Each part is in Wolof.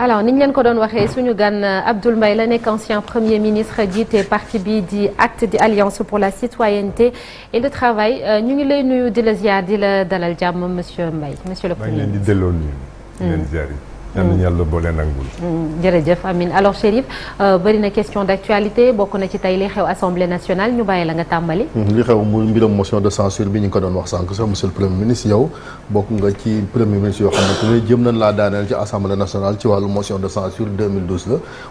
alors ni ñu leen ko doon waxee suñu gan euh, Abdoul Mbaye la nekk ancien premier ministre jiite parti bi di acte di alliance pour la citoyenneté et le travail euh, ñu ngi lay nuyu di la ziar di la dalal jàmm monsieur mbay monsieur le premier ministre maa ngi leen yàlla ñu yàlla boole nangul. Mm, jërëjëf Amine alors Chérif euh, bari na question d'actualité bokk na ci tey li xew assemblée nationale ñu bàyyi la nga tàmbali. Mm, li xew mu mbiram motion de censure bi ñu ko doon wax sànq sax monsieur le premier ministre yow bokk nga ci premier ministre yoo xamante ne jëm nañ laa daaneel ci assemblée nationale ci wàllu motion de censure la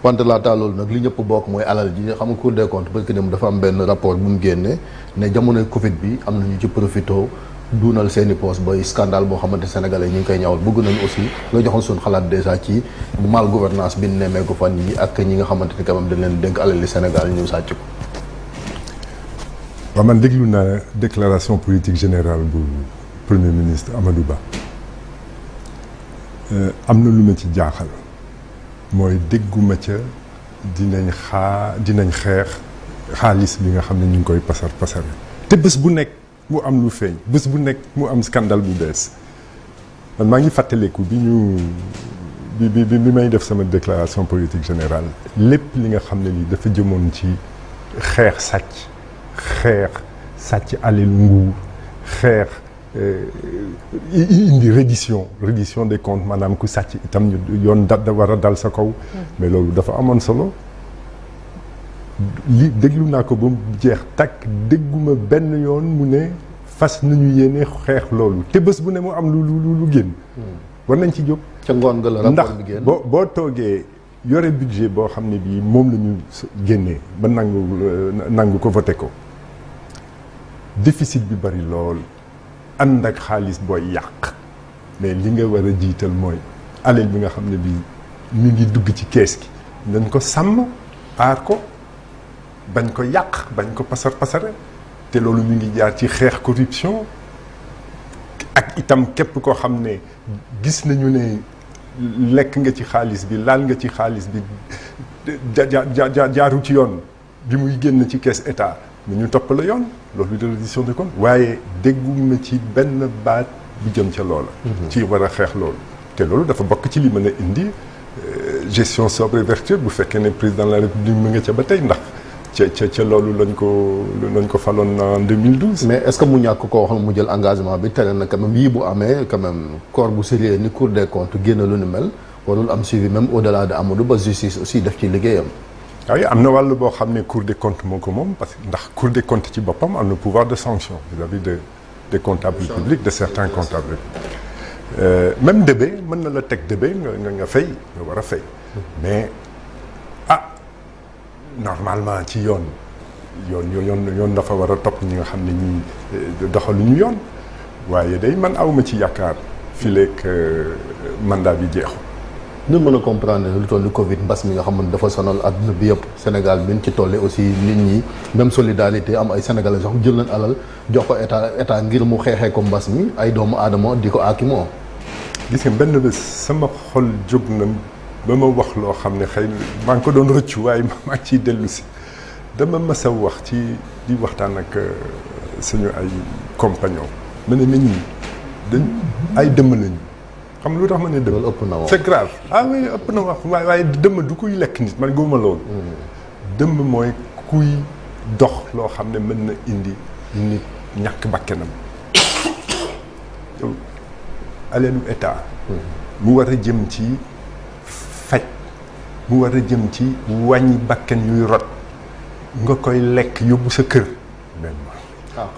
wante laataa loolu nag li ñëpp bokk mooy alal ji nga xam nga Cour des comptes barki dem am benn rapport bu ne bi am nañu ci duunal seeni i poste ba scandale boo xamante sénégalais ñu ngi koy ñawal bëgg nañu aussi nga joxoon suñu xalaat dèjà ci mal gouvernance bi nemmeeku fan yi ak ñi nga xamante ni quand même dañ leen dénk alali Sénégal ñu sàcc ko. waaw man déglu naa déclaration politique générale bu premier ministre Amadou Ba euh, am na lu ma ci jaaxal mooy dégguma ca dinañ xaa dinañ xeex xaalis bi nga xam ne ñu ngi koy pasar pasare te bés bu nekk. mu am lu feeñ bés bu nekk mu am scandale bu bees man maa ngi fàttaleeku bi ñu bi bi bi may def sama déclaration politique général lépp li nga xam ne lii dafa jëmoon ci xeex sàcc xeex sàcc alelu nguur xeex euh, indi reddition reddition de comptes maanaam ku sàcc itam yoon da war a dal sa kow mm-hmm. mais loolu dafa amoon solo li déglu naa ko ba mu jeex takk dégguma benn yoon mu ne fas nañu yéene xeex loolu te bés bu ne mu am lu lu lu génn. Hmm. war nañ ci jóg. ca ngoon nga la ndax boo boo toogee yore budget boo xam ne bii moom la ñu génnee ba nangu ko voté ko diffisit bi bari lool ànd ak xaalis booy yàq mais li nga war a jiital mooy alal bi nga xam ne bii mi ngi dugg ci kees gi. nañ ko sàmm aar ko. bañ ko yàq bañ ko pasar pasare te loolu mu ngi jaar ci xeex corruption ak itam képp koo xam ne gis nañu ne lekk nga ci xaalis bi laal nga ci xaalis bi ja jaaru ci yoon bi muy génn ci caisse état mu ñu topp la yoon loolu de reddition des comptes waaye dégguma ci benn baat bu jëm ca loola mhm. ci war a xeex loolu te loolu dafa bokk ci li mën a indi euh, gestion sobre et vertueuse bu fekkee ne président de la république mu nga ca ba tey ndax ca ca ca loolu lañ ko lañ ko faloon en 2012. mais est-ce que mu ñàkk koo xam mu jël engagement bi tere na quand même yii bu amee quand même corps bu sérieux ni Cour des comptes génn lu ni mel warul am suivi même au-delà de Amadou Ba justice aussi def ci liggéeyam. waaye ah am na wàll boo xam ne Cour des comptes moo ko moom parce que ndax Cour des comptes ci boppam am na pouvoir de sanction vis-à-vis de des comptables publics certains comptables publics. Euh, même debe mën na la teg debe nga nga fay nga war a fay mm-hmm. mais. normalement ci yoon yoon yoon yoon dafa war a topp ñi nga xam ne ñii eh, doxaluñu yoon waaye day man awma ci yaakaar fileeg eh, mandat bi jeexu ñu mën a comprendre lu toll ni Covid mbas mi nga xam ne dafa sonal àdduna bi yëpp Sénégal bi ñu ci tollee aussi nit ñi même solidarité am ay sénégalais sax jël nañ alal jox ko état état ngir mu xeexee ko mbas mi ay doomu aadama di ko aakimoo. gis nga benn bés sama xol jóg na. ba ma wax loo xam ne xëy maa ngi ko doon rëccu waaye maa ngi ciy dellu si dama mës a wax ci di waxtaan ak euh, suñu ay compagnon ma ne nit dañ ay dëmm lañu xam nga lu tax ma ne dëmm. loolu ëpp na wax c'est grave ah oui ëpp na wax waaye waaye du kuy lekk nit man góoma mm. dëmm mooy kuy dox loo xam ne mën na indi nit ñàkk bakkanam yow alelu état. Mm. mu war a jëm ci. bu war a jëm ci wàññi bakken yuy rot nga koy lekk yóbbu sa kër même waaw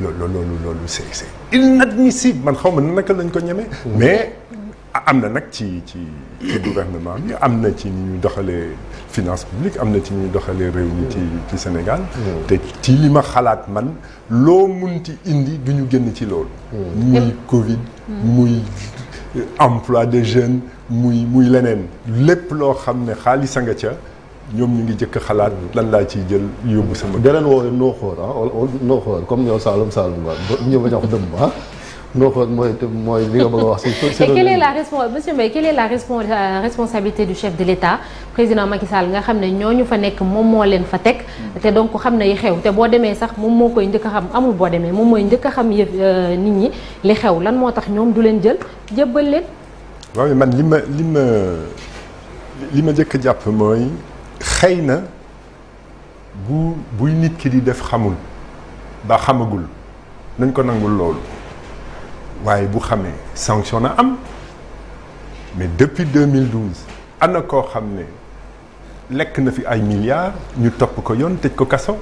loolu loolu loolu c'est c'est man xaw ma naka lañ ko ñeme mais am na nag ci ci ci gouvernement bi am na ci ni ñu doxalee finance publique am na ci ñu doxalee réew mi ci ci Sénégal mm. te ci li ma xalaat man loo ci indi du ñu génn ci loolu mm. muy Covid mm. muy emploi des jeunes muy muy leneen lépp loo xam ne xaalis a nga ca ñoom ñu ngi jëkk xalaat lan laa ciy jël yóbbu sama. da leen woowe nooxoor ah nooxoor comme yow Saalum Saalum waaw ñëw ba jox dëmm ah. nga xool mooy mooy li nga bëgg a la respons monsieur Mbaye quelle est la respons euh, responsabilité du chef de l'État président Macky nga xam ne ñoo ñu fa nekk moom moo leen fa teg. te donc xam na yi xew te boo demee sax moom moo koy njëkk a xam amul boo demee moom mooy njëkk a xam yëf euh, nit ñi li xew lan moo tax ñoom du leen jël jébbal leen. waaw man li ma li ma li ma njëkk a jàpp mooy xëy na bu buy nit ki di def xamul ba xamagul nañ ko nangul loolu. waaye bu xamee sanction na am mais depuis 2012 ana koo xam ne lekk na fi ay milliards ñu topp ko yoon tëj ko kaso.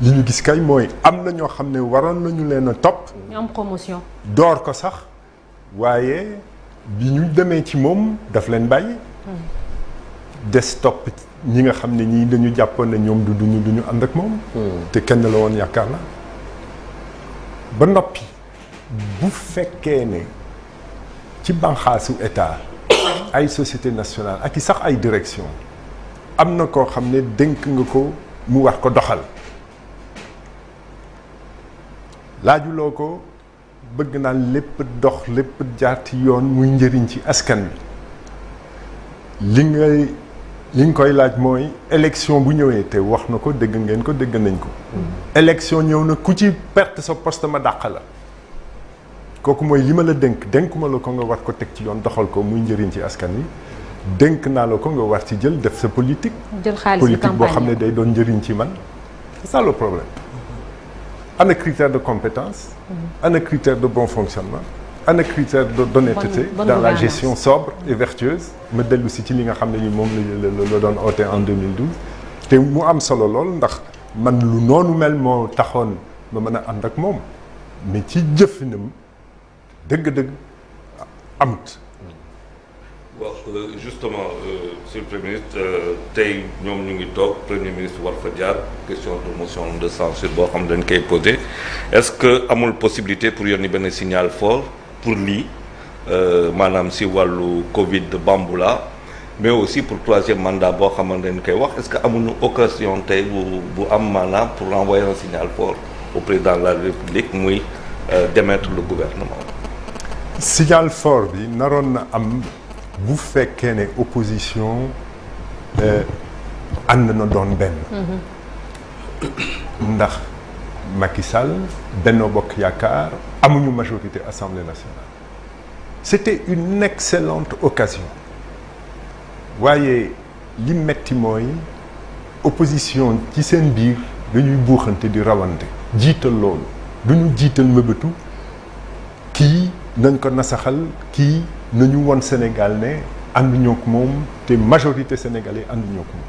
li ñu gis kay mooy am na ñoo xam ne waroon nañu leen a topp. am promotion. door ko sax waaye bi ñu demee ci moom daf leen bàyyi. Hmm. des topp ñi nga xam ne ñii dañu jàppoon na ñoom du duñu duñu ànd ak moom. Hmm. te kenn la woon yaakaar na ba noppi. bu fekkee ne ci banqaasu état ay société nationale ak i sax ay direction am na koo xam ne dénk nga ko mu wax ko doxal laajuloo ko bëgg naa lépp dox lépp jaar ci yoon muy njëriñ ci askan wi li ngay li nga koy laaj mooy élection bu ñëwee te wax na ko dégg ngeen ko dégg nañ ko election mm-hmm. ñëw na ku ci perte sa poste ma dàq la kooku mooy li ma la dénk dénkuma la ko nga war ko teg ci yoon doxal ko muy njëriñ ci askan wi denk naa la ko nga war ci jël def sa politique. jël xaalis politique boo xam ne day doon njëriñ ci man c'est ça le problème. Mm-hmm. ana critère de compétence. Mm-hmm. ana critère de bon fonctionnement. ana critère de d'honnêteté dans la gestion sobre et vertueuse. ma dellu si ci li nga xam ne ni moom la la doon oote en 2012. te mu am solo lool ndax man lu noonu mel moo taxoon ma mën a ànd ak moom mais ci jëfinam. dëgg-dëgg amut. waaw euh, justement euh, monsieur le premier ministre euh, tey ñoom ñu ngi toog premier ministre war fa jaar question de motion de censure boo xam dañ koy posé est-ce que amul possibilité pour yónni benn signal fort pour lii maanaam si wàllu Covid bamboula mais aussi pour troisième mandat boo xamante dañ koy wax est-ce que amuñu occasion tey bu bu am maanaam pour envoyer un signal fort au président de la République muy démettre le gouvernement. signal for bi naroon na am bu fekkee ne opposition eh, ànd na doon benn mm-hmm. ndax Macky Sall Benno Bokk Yaakaar amuñu majorité assemblée nationale c'était une excellente occasion waaye li metti mooy opposition ci seen biir dañuy buuxante di rawante jiital loolu duñu jiital mëbëtu kii nañ ko nasaxal kii nañu woon Sénégal ne ànduñoo ak moom te majorité sénégalais ànduñoo ak moom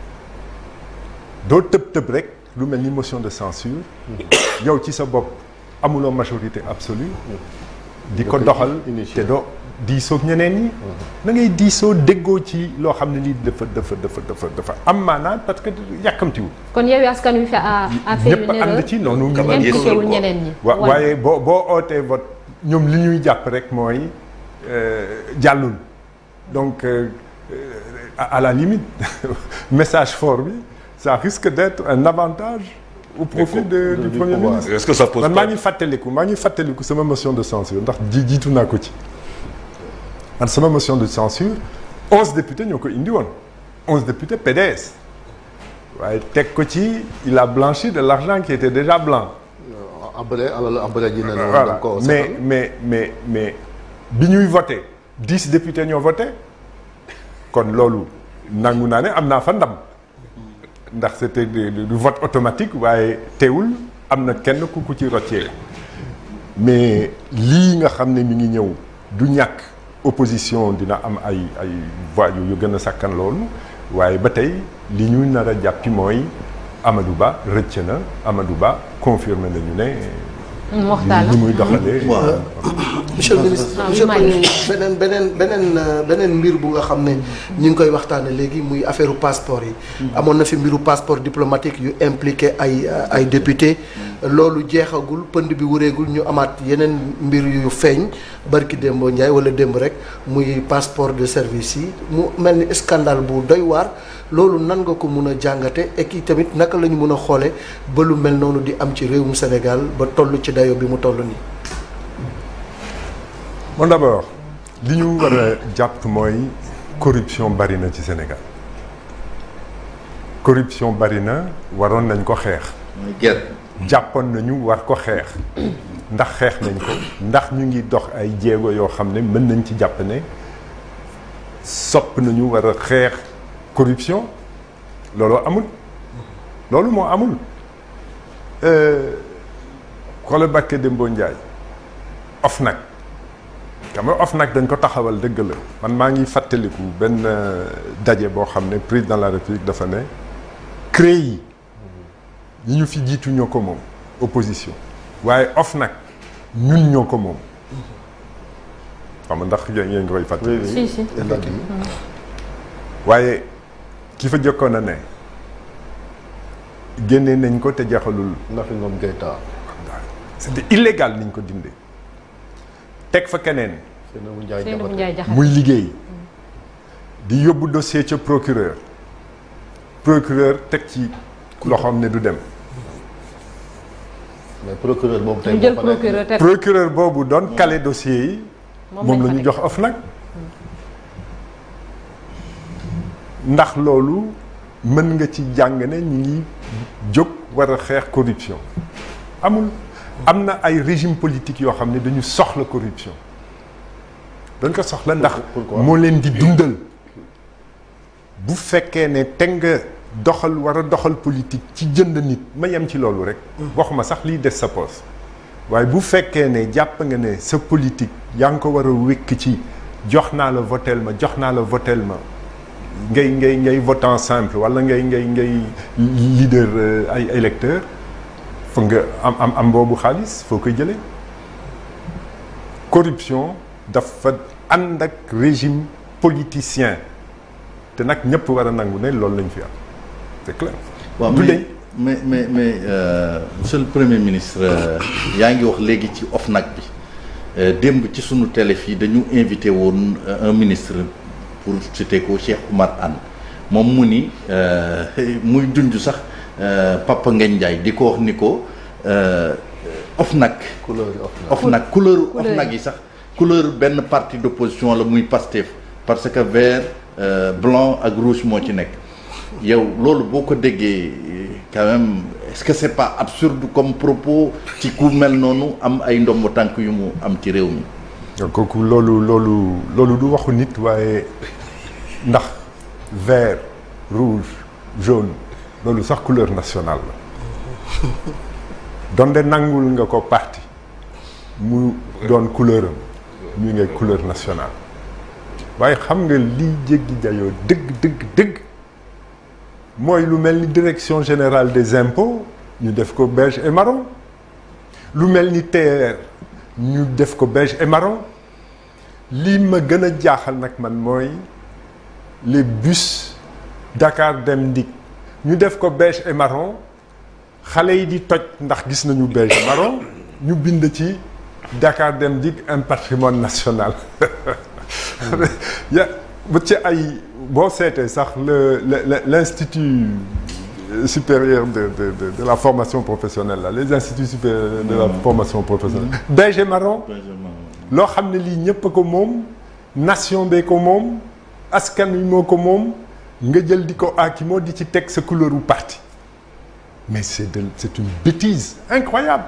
doo tëb tëb rek lu mel ni motion de censure yow ci sa bopp amuloo majorité absolue di ko doxal te doo diisoog ñeneen ñi da ngay diisoo déggoo ci loo xam ne lii dafa dafa dafa dafa dafa am maanaa parce que yàkkamtiwul kon yow askan wi fi a fait une erreur ñëpp ànd ci noonu ñeneen ñi waaye boo boo ootee vote ñoom li ñuy jàpp rek mooy euh, jàllul donc euh, euh à, la limite message fort bi ça risque d'être un avantage au profit de, du, du premier ministre est-ce que ça pose man maa ngi fàttaliku maa ngi fàttaliku sama motion de censure ndax ji jiitu naa ko ci man sama motion de censure onze députés ñoo ko indi woon onze députés PDS waaye teg ko ci il a blanchi de l'argent qui était déjà blanc Ambelé alalu Ambelé ji ne la mais mais mais mais bi ñuy voté dix députés ñoo voté kon loolu nangu naa ne am naa fa ndam ndax c'était du vote automatique waaye teewul am na kenn ku ku ci roccee mais lii nga xam ne mi ngi ñëw du ñàkk opposition dina am ay ay voix yu gën a sakkan loolu waaye ba tey li ñu nar a jàppi mooy. amadu baax rëcc na amadu Ba confirmé nañu ne. waxtaan li muy doxalee. monsieur le ministre ah, monsieur beneen beneen beneen euh, beneen mbir bu nga xam ne. ñu ngi koy waxtaanee léegi muy affaire passeport yi. Hmm. amoon na fi mbiru passeport diplomatique yu impliqué ay euh, ay député. loolu jeexagul pënd bi wureegul ñu amaat yeneen mbir yu feeñ barki démb Ndiaye wala démb rek muy passeport de service yi mu mel ni scandale bu doy waar loolu nan nga ko mun a jàngate et ki tamit naka lañu ñu a xoole ba lu mel noonu di am ci réewum senegal ba toll ci dayo bi mu toll nii. bon d'abord li ñu war jàpp mooy corruption bari na ci senegal corruption bari na waroon nañ ko xeex. jàppoon nañu war ko xeex ndax xeex nañ ko ndax ñu ngi dox ay jéego yoo xam ne mën nañ ci jàpp ne sopp nañu war a xeex corruption looloo amul loolu moo amul euh, xoolal Mbacké Dembo Ndiaye OFNAC xam nga nag dañ ko taxawal dëgg la man maa ngi fàttaliku benn euh, daje boo xam ne président de la république dafa ne yi yi ñu fi jiitu ñoo ko moom opposition waaye nag ñun ñoo ko moom. xam nga ndax yéen yéen ngi koy fàttali. si si mm-hmm. waaye ki fa jokkoon a ne génne nañ ko te jaxalul. Nafi Ngom Keïta. c'était illégal niñ ko dindee. teg fa keneen. muy liggéey. di yóbbu dossier ca procureur. procureur teg ci. loxoom ne du dem. mais procureur boobu tey jël procureur tey procureur boobu doon calé hmm. dossier yi. moom la ñu jox of nag. ndax loolu mën nga ci jàng ne ñu ngi jóg war a xeex corruption amul am na ay régime politique yoo xam ne dañu soxla corruption dañ ko soxla ndax moo leen di dundal bu fekkee ne teg nga doxal war a doxal politique ci jënd nit ma yem ci loolu rek mhm. waxuma sax liy des sa poos waaye bu fekkee ne jàpp nga ne sa politique yaa ngi ko war a wékk ci jox naa la votel ma jox naa la votel ma ngay ngay ngay votant simple wala ngay ngay ngay leader euh, ay électeur fa nga am am am boobu xaalis foo koy jëlee corruption dafa ànd ak régime politicien te nag ñëpp war a nangu ne loolu lañ fi am c'est clair. waaw mais mais mais mais euh, ministre euh, yaa ngi wax léegi ci OFNAC bi euh, démb ci sunu télé fii dañu invité woon un ministre pour citer ko Cheikh Oumar moom mu ni muy junj sax Papa Ngagne Ndiaye di ko wax ni ko OFNAC. couleur OFNAC couleur OFNAC yi sax. couleur benn parti d'opposition la muy Pastef parce que vert euh, blanc ak rouge moo ci nekk. yow loolu boo ko déggee quand même est-ce que c'est pas absurde comme propos ci ku mel noonu am ay ndomb tànk yu mu am ci réew mi. kooku loolu loolu loolu du waxu nit waaye ndax ver rouge jaune loolu sax couleur nationale la donte nangul nga ko parti mu doon couleur am ngay couleur nationale waaye xam nga li jéggi dayoo dëgg dëgg dëgg. mooy lu mel ni direction générale des impôts ñu def ko beige et marron lu mel ni TER ñu def ko beige et marron lii ma gën a jaaxal nag man mooy les bus Dakar Dem Dikk ñu def ko beige et marron xale yi di toj ndax gis nañu beige et marron ñu bind ci Dakar Dem Dikk un patrimoine national ya bu ci ay boo seetee sax le l' institut supérieur de de de de la formation professionnelle là les instituts supérieurs de la hmm. formation professionnelle. Beige et marron. loo xam ne lii ñëpp a ko moom. nation bee ko moom askan wi moo ko moom nga jël di ko aaki moo di ci teg sa couleur u parti mais c'est de c'est une bêtise incroyable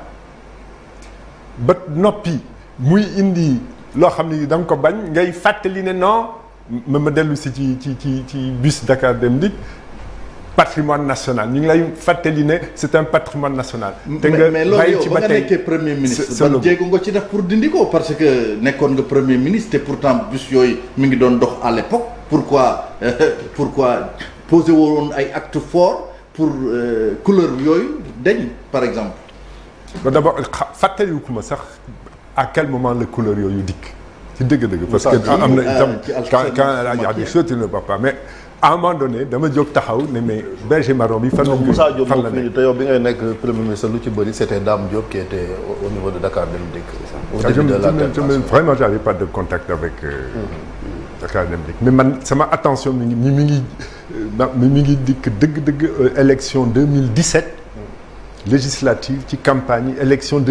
ba noppi muy indi loo xam ne da nga ko bañ ngay fàttali ne non. ma ma dellu si ci ci ci ci bus Dakar Dem Dikk patrimoine national ñu ngi lay fàttali ne c'est un patrimoine national. te nga bàyyi ci ba tey mais loolu yow ba nga nekkee premier ministre. ban jéego nga ci def pour dindi ko parce que nekkoon nga premier ministre te pourtant bus yooyu mi ngi doon dox à l'époque pourquoi euh, pourquoi woon ay actes forts pour euh, couleur yooyu dañ par exemple. d'abord fàttaliku ma sax à quel moment la couleur yooyu dikk. ci dégg dëgg parce que am na euh, itam quand quand El Hadj Abdi sotti mais à moment donné dama jóg taxaw ne mais berger marron bi fan la Moussa Diop fan la nekk te yow bi ngay nekk premier ministre lu ci bëri c' était Dame Diop qui était au niveau de Dakar Dem Dikk au ah, début de la déclenche vraiment j' avais pas de contact avec euh, mm-hmm. Dakar Dem Dikk mais man sama attention mi ngi mi euh, ngi dikk dëgg-dëgg élection législative ci campagne élection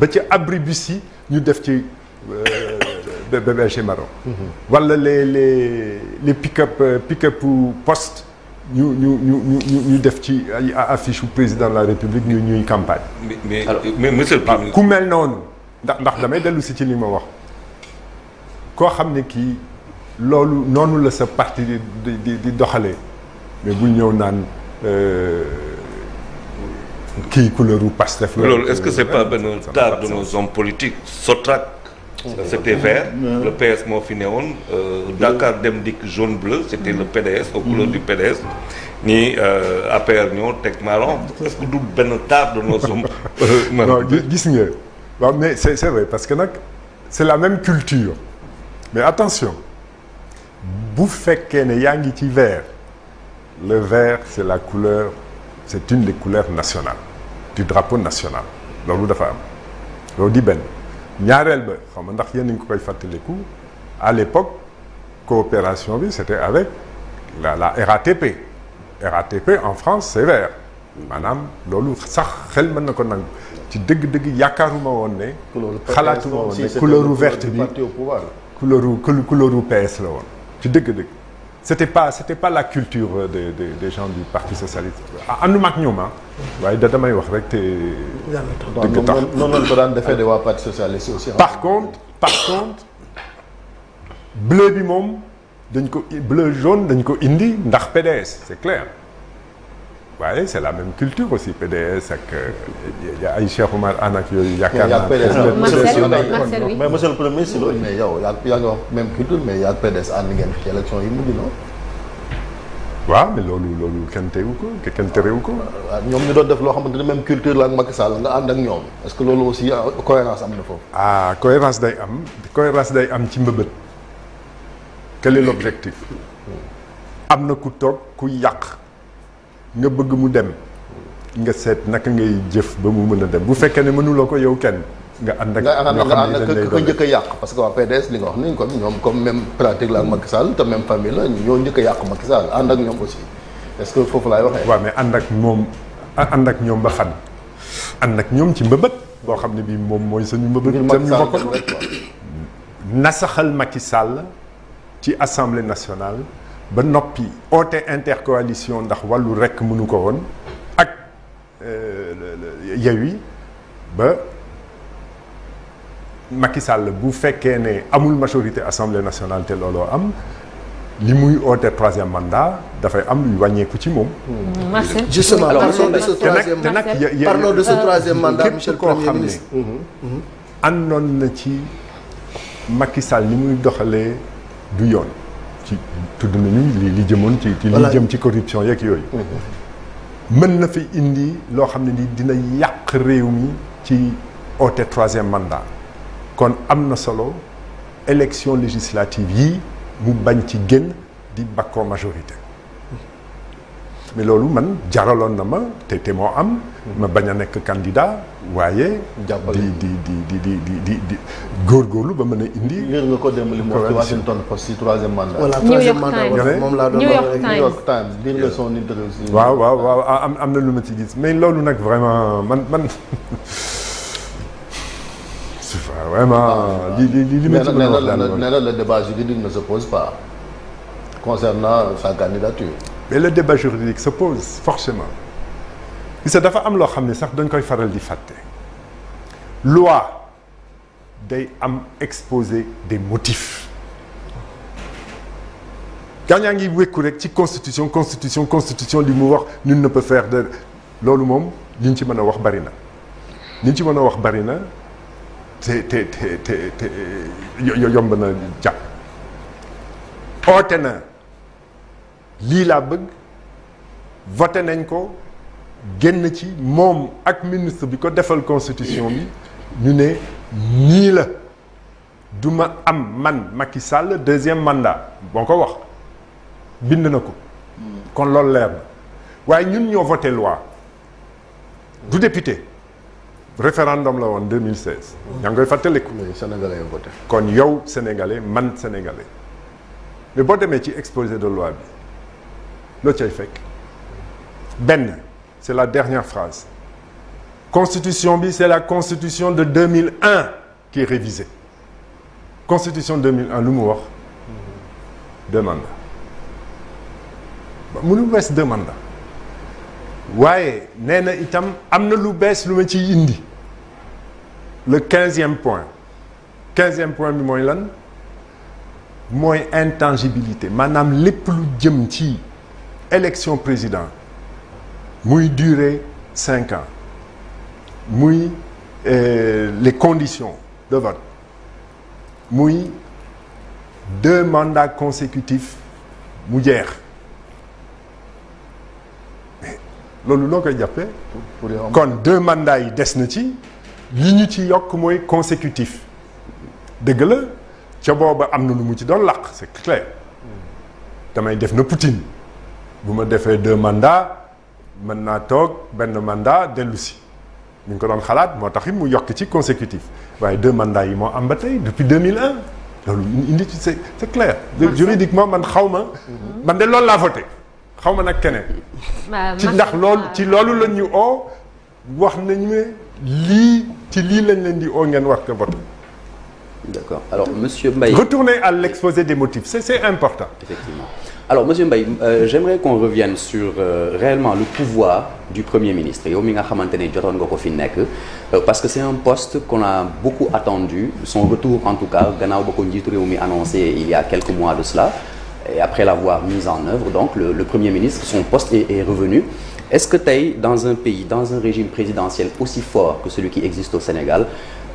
ba ci abribus yi ñu def ci berger marron wala les les les pick-up euh, pick-up poste ñu ñu ñu ñu ñu def ci ay affiche président de la république ñu ñuy campagne. mais mais monsieur ah, ku mel noonu ndax ndax damay dellu ci li ma wax koo xam ne kii loolu noonu la sa parti di di di doxalee mais bul ñëw naan. Euh, kii couleur u Pastef la. loolu est-ce que c'est pas euh, benn tard de nos hommes politiques Sotrac. c'était vert euh. le PS moo fi newoon euh, Dakar Dem Dikk jaune bleu c'était le PDS aux couleurs mm. du PDS ni euh, APR ñoo teg marron est-ce que du benn tard de nos hommes non gis nga mais c'est vrai parce que nag c'est la même culture mais attention bu fekkee ne yaa ngi ci vert le vert c'est la couleur c'est une des couleurs nationales du drapeau national loolu dafa di benn ñaareel ba xam ndax yéen a ko koy fàttaliku à l'époque coopération bi c'était avec la la RATP RATP en France sévère maanaam loolu sax xel man na ko nangu ci dëgg-dëgg yaakaaruma woon ne. xalaatuma woon ne couleur verte bi couleur couleur PS la woon ci dëgg-dëgg. c'était pas c'était pas la culture des des des gens du parti socialiste ah, ànduma ak ñoom ah. waaye da damay wax rek te. noonu noonu ko daan defee de waa parti socialiste aussi. par contre par contre bleu bi moom dañ ko bleu jaune dañ ko indi ndax PDS c'est clair. waaye c' est la même culture aussi PDS ak euh, ay Cheikh Oumar Anne ak yooyu. yaakaar naa mais monsieur le premier si loolu. mais yow yaa yaa ngi wax même culture mais yaa PDS ànd ngeen ci élection yi mujj na. waaw mais loolu loolu kenn teewu ko kenn terewu ko. Ah, ñoom ñu doon def loo xamante ne même culture la ak Macky Sall nga ànd ak ñoom. est que loolu aussi ah, cohérence am na foofu. ah cohérence day am cohérence day am ci mbëbët. quel l' objectif. Hmm. am na ku toog ku yàq. nga bëgg mu dem nga seet naka ngay jëf ba mu mën a dem bu fekkee ne mënuloo ko yow kenn nga ànd ak ñoo xam ne dañ lay ko njëkk yàq parce que waa wax nañ ko ñoom comme même pratique la ak Macky Sall te même famille la ñoo ànd ak ñoom aussi est-ce que laay waxee. waaw mais ànd ak moom ànd ak ñoom ba fan ànd ak ñoom ci mbëbët boo xam ne bii moom mooy sañu mbëbët. ñu bokk nasaxal Macky Sall ci assemblée national ba noppi oote intercoalition ndax wàllu rekk mënu ko woon ak euh, Yewwi ba Macky Sall bu fekkee ne amul majorité assemblée nationale te looloo am li muy oote troisième mandat dafay am luy wàññeeku ci moom. Marcel justement parlons nag ce troisième mandat parlons de ce troisième mandat monsieur le premier ministre képp koo xam ne mm-hmm. Mm-hmm. àndoon na ci Macky Sall li muy doxalee du yoon. ci tudd nañu li jëmoon ci ci li jëm ci corruption yeeg yooyu mm-hmm. mën na fi indi loo xam ne ni dina yàq réew mi ci oote troisième mandat kon am na solo élection législative yi mu bañ ci génn di bakkoo majorité mais loolu man jaraloon na ma te te moo am. ma bañ a nekk candidat waaye. jàppale di di di di di di di góorgóorlu ba mën indi. lire nga ko démb mu wax ci Washington Post ci troisième mandat. moom laa doon New York Times lire nga waaw waaw waaw am am na lu ma ci gis mais loolu nag vraiment man man. c'est vraiment ah, li li li li ma ci mën a wax daal nee na sa débat juridique ne mais le débat juridique se pose forcément gis dafa am loo xam ne sax dañ koy faral di fàtte loi day am exposé des motifs gaañaa ngi wékku rek ci constitution constitution constitution li mu wax nul na peut faire de loolu moom li ñu ci mën a wax bari na li ñu ci mën a wax bari na te te te te yomb na jàpp oote na lii laa bëgg voté nañ ko génn ci moom ak ministre bi ko defal constitution bi ñu ne nii la du ma am man Macky Sall deuxième mandat boo ko wax bind na ko kon loolu leer na waaye ñun ñoo voté loi du député référendum la woon 2016. yaa ngi koy fàttaliku. sénégalais voté. kon yow sénégalais man sénégalais mais boo demee ci exposé de loi bi. loo cay fekk benn c'est la dernière phrase constitution bi c'est la constitution de 2001 qui est révisée constitution 2001 lu mu wax deux mandats mënu wees deux mandats waaye nee na itam am na lu bees lu ma ciy indi le quinzième point quinzième point bi mooy lan mooy intangibilité maanaam lépp lu jëm ci élection président muy durer cinq ans muy euh, les conditions de vote muy deux mandats consécutifs mu jeex loolu loo koy jàppee. kon deux mandats yi des na ci li ñu ci yokk mooy consécutif dëgg la ca booba am na lu mu ci doon làq c'est clair hmm. damay def na Poutine. bu ma defee deux mandats mën naa toog benn mandat dellu si ñu ngi ko doon xalaat moo tax it mu yokk ci consécutif waaye deux mandats yi moo am ba tey depuis 2001 loolu indi ci c'est c'est clair. juridiquement man xaw ma. Mhm. man de loolu laa voté xaw ma nag keneen. ci ndax lool ci loolu la ñu oo wax nañu ne lii ci lii lañ leen di oo ngeen war ko voté. D'accord. Alors, Monsieur Mbaye... Retournez à l'exposé des motifs, c'est important. Effectivement. Alors, Monsieur Mbaye, euh, j'aimerais qu'on revienne sur euh, réellement le pouvoir du Premier ministre. yow mi nga xamante ne jotoon nga ko fi nekk euh, parce que c'est un poste qu'on a beaucoup attendu, son retour en tout cas, gannaaw ba ko njiitu réew mi annoncé il y a quelques mois de cela, et après l'avoir mis en œuvre, donc le, le Premier ministre, son poste est, est revenu. Est-ce que tey dans un pays, dans un régime présidentiel aussi fort que celui qui existe au Sénégal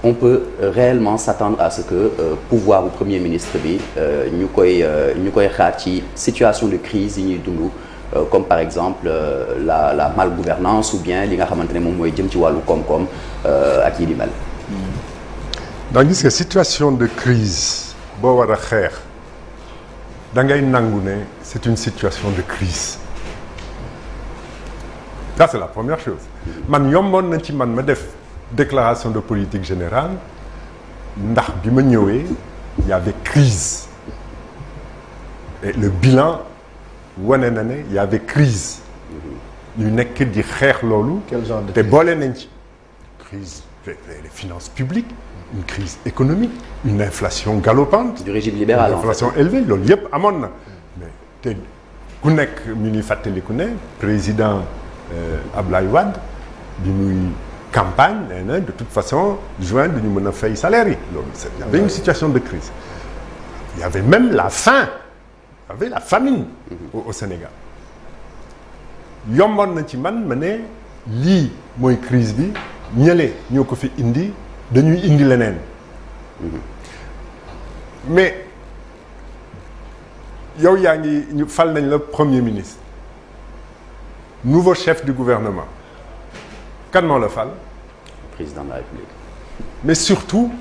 on peut réellement s'attendre à ce que euh, pouvoir bu premier ministre bi euh, ñu koy euh, ñu koy xaar ci situation de crise yi ñuy dund euh, comme par exemple la la malgouvernance ou bien li nga xamante ne moom mooy jëm ci wàllu koom-koom ak yi di mel. Hmm. donc gis situation de crise boo war a xeex da ngay nangu ne c'est une situation de crise ça c'est la première chose hmm. man yomboon na ci man ma def. déclaration de politique générale ndax bi ma ñëwee y avait crise le bilan wane na ne y avait crise mm-hmm. ñu nekk di xeex loolu te boole nañ ci crise des finances publiques une crise économique une inflation galopante du régime libéral une inflation en yëpp amoon na mais te ku nekk ñu ñuy fàttaliku ne président euh, Ablaye Wade bi muy campagne eh, nee na de toute façon juin duñu mën a fay salaire yi loolu c'est il y avait une situation de crise il y avait même la faim il y avait la famine au Sénégal yomboon na ci man ma lii mooy crise bi ñële ñoo ko fi indi dañuy indi leneen mhm. mais yow yaa ngi ñu fal nañ la premier ministre nouveau chef du gouvernement kan la fal. président de la République. mais surtout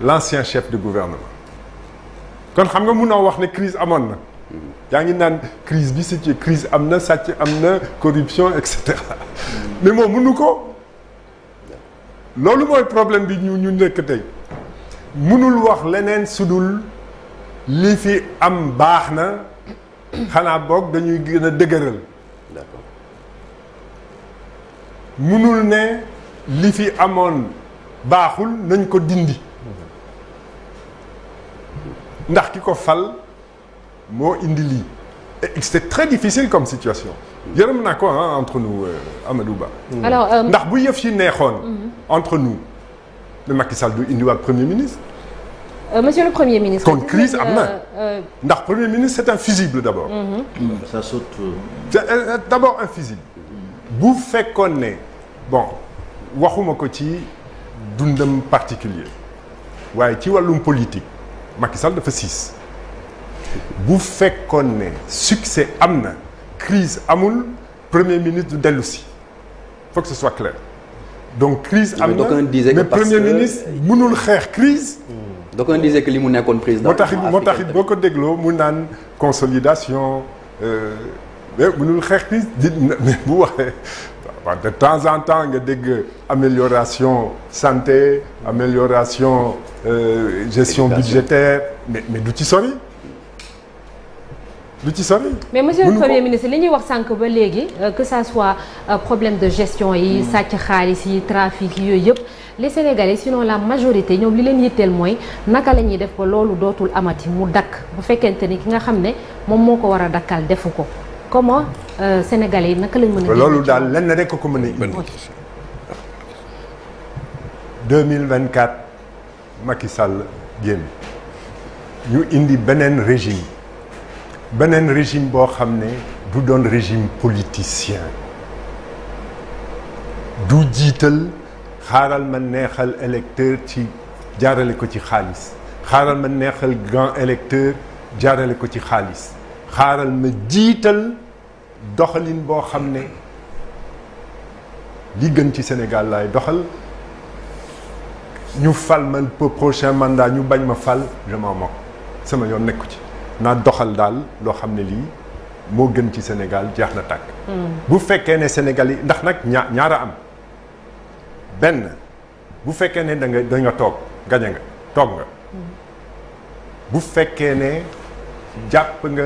l'ancien chef de gouvernement. kon xam nga munoo wax ne crise amoon na. Mm-hmm. yaa ngi naan crise bi si ci crise am na sàcc am na corruption et mm-hmm. mais moom mënu ko. loolu mooy problème bi ñu ñu nekk tey mënul wax leneen sudul li fi am baax na xanaa boog dañuy gën a dëgëral. munul ne li fi amoon baaxul nañ ko dindi ndax ki ko fal moo indi lii et c'était très difficile comme situation yërëm naa ko entre nous euh, Amadou Ba mm-hmm. euh, ndax bu yëf si neexoon mm-hmm. entre nous le Macky Sall du indiwaat premier ministre Euh, monsieur le premier ministre. kon crise am na euh, euh, ndax premier ministre c'est un fusible d'abord. Mm -hmm. ça saute. c'est d'abord un mm-hmm. bu fekkoon ne. bon waxuma ko ci dundam particulier waaye ci wàllum politique Macky Sall dafa siis bu fekkoon ne succès am na crise amul premier ministre du dellu si faut que ce soit clair donc crise am na mais premier ministre mënul xeex crise hmm. donc on disait que li mu nekkoon président moo tax moo tax boo ko dégloo mu naan consolidation euh, mënul xeex crise di bu waxee waaw de temps en temps nga dégg amélioration santé amélioration euh, gestion budgétaire mais mais du ci sori du ci sori. mais monsieur le premier ministre li ñuy wax sànq ba léegi euh, que ça soit euh, problème de gestion yi. Hmm. sàcc xaalis yi trafic yooyu yëpp. les sénégalais sinon la majorité ñoom li leen yitteel mooy naka la ñuy def ko loolu dootul amati mu dakk bu fekkente ni ki nga xam ne moom moo ko war a dakkal defu ko comment euh, sénégalais yi naka lañ mën a. loolu daal lenn rek ko mën a indi. 2024 Macky Sall génn ñu indi beneen régime beneen régime boo xam ne du doon régime politicien du jiital xaaral ma neexal électeur ci jaarale ko ci xaalis xaaral ma neexal grand électeur jaarale ko ci xaalis. xaaral ma jiital doxalin boo xam ne li gën ci Sénégal laay doxal ñu fal man pour prochain mandat ñu bañ ma fal je m'en sama yoon nekku ci naa doxal daal loo xam ne lii moo gën ci Sénégal jeex na tàkk. Hmm. bu fekkee ne Sénégal yi ndax nag ñaar ñaara am benn bu fekkee ne da nga toog gañe nga toog nga hmm. bu fekkee ne jàpp nga.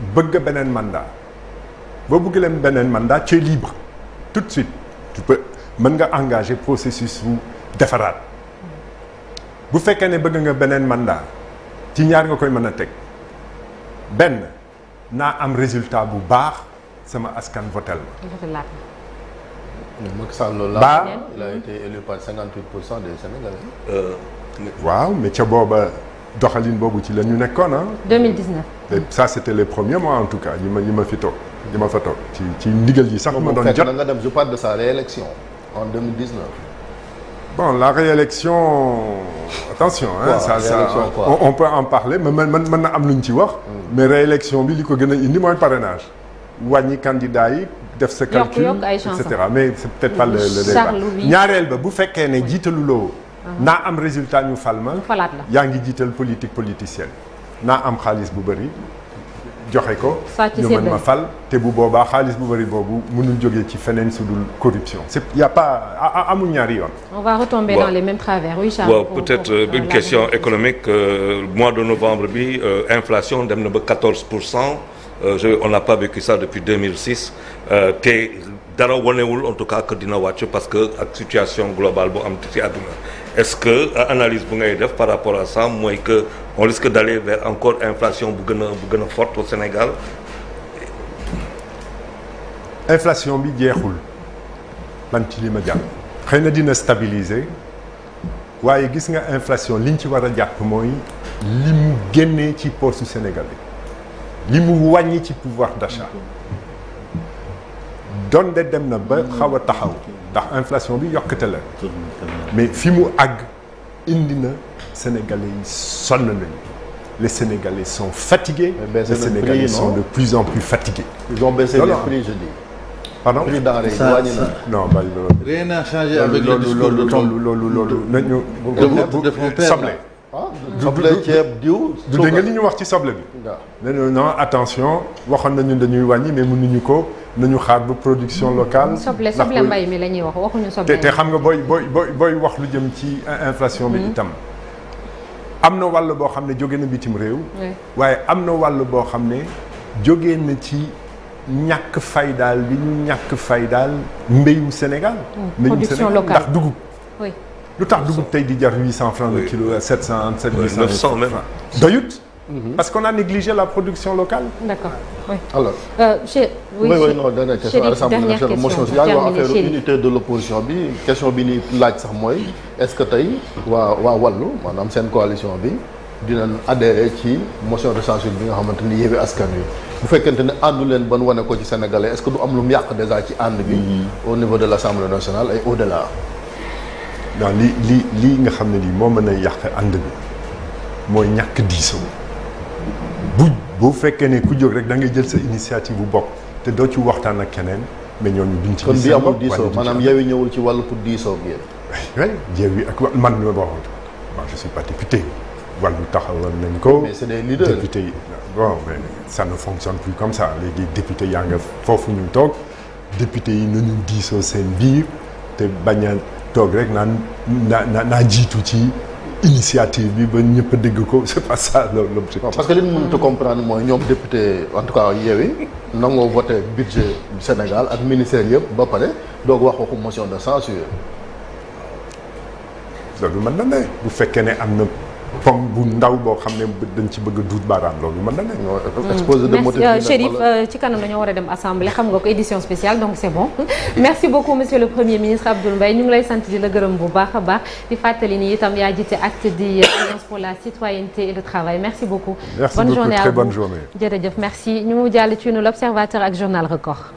bëgg beneen mandat boo bëgg leen beneen mandat tu es libre tout de suite mën nga engager processus bu defaraat bu fekkee ne bëgg nga beneen mandat ci ñaar nga koy mën a teg benn naa am résultat bu baax sama askan votel ma. Macky Sall la. il a été élu par 58 pour waaw mais ca booba. doxalin boobu ci la ñu nekkoon ah. 2019. et ça c' était les premiers en tout cas ñi ma ñi ma fi to ñi ma fa toog ci ci ndigal yi sax. ma doon jot nga dem je parle de sa réélection en 2019. bon la réélection attention. hein, quoi, sa ça on, on peut en parler mais man mën na am lu ñu ci wax. Hmm. mais réélection bi li ko gën a indi mooy parrainage. wàññi candidat yi. def sa calcul et cetera mais c'est peut-être pas le le ñaareel ba bu fekkee ne jiitaluloo naa am résultat ñu fal ma falaat la yaa ngi jiital politique politicienne na am xaalis bu bëri joxe ko ñu mën ma fal te bu boobaa xaalis bu bëri boobu mënul jógee ci feneen su dul corruption c'est y a pas amul ñaari yoon on va retomber bon. dans les mêmes travers peut-être une question économique euh, mois de novembre bi euh, inflation dem na ba 14 pour euh, on n'a pas vécu ça depuis 2006 euh, te dara wonewul en tout cas que dina wàcc parce que ak situation globale bu am ci àdduna est-ce que euh, analyse bu ngay def par rapport à ça mooy que on risque d'aller vers encore inflation bu gën a bu gën a forte au Sénégal inflation bi jeexul man ci li ma jàpp xëy na dina stabiliser waaye gis nga inflation liñ ci war a jàpp mooy li mu génnee ci poche su Sénégal bi li mu wàññi ci pouvoir d'achat donte dem na ba xaw a taxaw ndax inflation bi yokkute la mais fi mu àgg indi na sénégalais yi sonn nañu les sénégalais sont fatigués les sénégalais prix, sont de plus en plus fatigués ils ont baissé les prix je dis pardon prix denrée yi wàññi na non bàyyi loolu rien n'a changé avec le discours de loolu loolu loolu nañu soble ah, soble ceeb diw du dégg nga li ñu wax ci soble bi waaw non attention waxoon nañu dañuy wàññi mais mënuñu ko nañu xaar ba production locale. soble soble mbay mi la ñuy wax waxuñu soble. te xam nga booy booy booy booy wax lu jëm ci inflation bi hmm. itam. am na wàll boo xam ne jóge na bitim réew. waaye am na wàll boo xam ne jóge na ci ñàkk faydaal bi ñu ñàkk faydaal mbéyum Sénégal. Hmm. production locale ndax dugub. lu tax dugub tey di jar huit cent francs le kilo cent sept huit cent neuf cent même Mhm. parce qu'on a négligé la production locale. d'accord oui. alors. Euh, monsieur. oui oui non dernière question. dernière question motion yaa de l'opposition bi question bi nii laaj sax mooy est-ce que tey waa waa wàllu maanaam seen coalition bi dinañ adhérer ci motion de censure bi nga xamante ni Yewwi Askan Wi bu fekkent ne àndu leen ban wane ko ci sénégalais est que du am lu mu yàq déjà ci ànd bi. Mhm. au niveau de l'Assemblée nationale et au-delà. non li li lii nga xam ne lii moo mën a yàq ànd bi mooy ñàkk bu bu fekkee ne ku jóg rek da ngay jël sa initiative bu bokk te doo ci waxtaan ak keneen mais ñooñu duñ ci. kon bi amul maanaam yow ñëwul ci wàllu pour diisoo bi yéen. Eh, oui ak man mi ma waxoon man je suis pas député taxawal nañ ko. mais c'est député yi bon mais ça plus comme ça léegi député yaa nga foofu ñu toog député yi nañu diisoo seen biir te bañ a toog rek naan naa naa jiitu ci. initiative bi ba ñëpp dégg ko c'est pas ça l'objectif. parce que li mu mënta comprendre mooy ñoom député en tout cas Yewwi nangoo voté budget Sénégal ak ministère yëpp ba pare doog wax waxu motion de censure. loolu mën na ne bu fekkee ne am na bu ndaw boo xam ne dañ ci bëgg a duut baaraam loolu mën na ne. Mm. exposé de motif merci euh, Chérif euh, a dem assemblée xam nga ko édition spéciale donc c'est bon. merci beaucoup monsieur le premier ministre Abdoul Mbaye ñu ngi lay sant di la gërëm bu baax a baax di fàttali ni itam yaa jiite acte di euh, alliance pour la citoyenneté et le travail merci beaucoup. merci beaucoup jërëjëf merci ñu jàll ci nu l'observateur ak journal record.